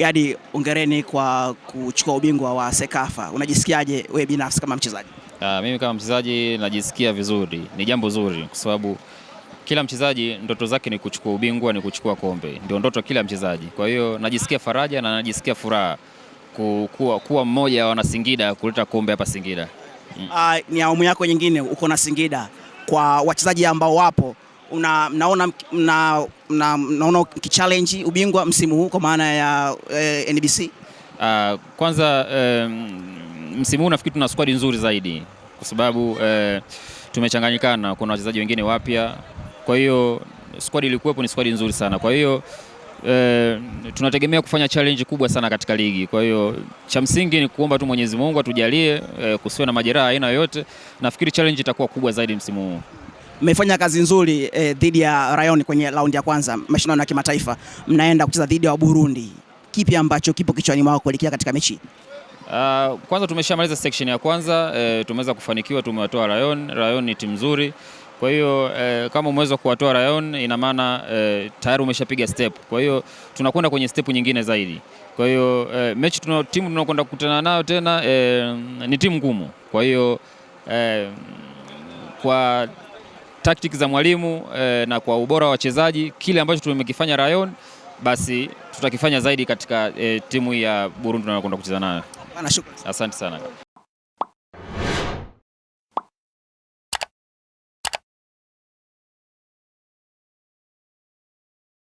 Gadi, ongereni kwa kuchukua ubingwa wa Sekafa. Unajisikiaje wewe binafsi kama mchezaji? Uh, mimi kama mchezaji najisikia vizuri, ni jambo zuri kwa sababu kila mchezaji ndoto zake ni kuchukua ubingwa, ni kuchukua kombe, ndio ndoto kila mchezaji. Kwa hiyo najisikia faraja na najisikia furaha kuwa, kuwa mmoja wa Singida kuleta kombe hapa Singida. Mm. Uh, ni awamu yako nyingine uko na Singida kwa wachezaji ambao wapo una, naona mna, mna, naona kichallenge ubingwa msimu huu kwa maana ya eh, NBC? Uh, ah, kwanza eh, msimu huu nafikiri tuna squad nzuri zaidi kwa sababu eh, tumechanganyikana, kuna wachezaji wengine wapya, kwa hiyo squad ilikuwepo ni squad nzuri sana, kwa hiyo eh, tunategemea kufanya challenge kubwa sana katika ligi. Kwa hiyo cha msingi ni kuomba tu Mwenyezi Mungu atujalie eh, kusiwe na majeraha aina yoyote. Nafikiri challenge itakuwa kubwa zaidi msimu huu mmefanya kazi nzuri eh, dhidi ya Rayon kwenye raundi ya kwanza mashindano ya kimataifa, mnaenda kucheza dhidi ya Burundi. Kipi ambacho kipo kichwani mwako kuelekea katika mechi? Uh, kwanza tumeshamaliza section ya kwanza eh, tumeweza kufanikiwa, tumewatoa Rayon. Rayon ni timu nzuri, kwa hiyo eh, kama umeweza kuwatoa Rayon ina maana eh, tayari umeshapiga step, kwa hiyo tunakwenda kwenye step nyingine zaidi. Kwa hiyo eh, mechi tuna, timu tunakwenda kukutana nayo tena eh, ni timu ngumu, kwa hiyo eh, kwa tactics za mwalimu e, na kwa ubora wa wachezaji, kile ambacho tumekifanya Rayon basi tutakifanya zaidi katika e, timu ya Burundi tunayokwenda kucheza nayo. Asante sana.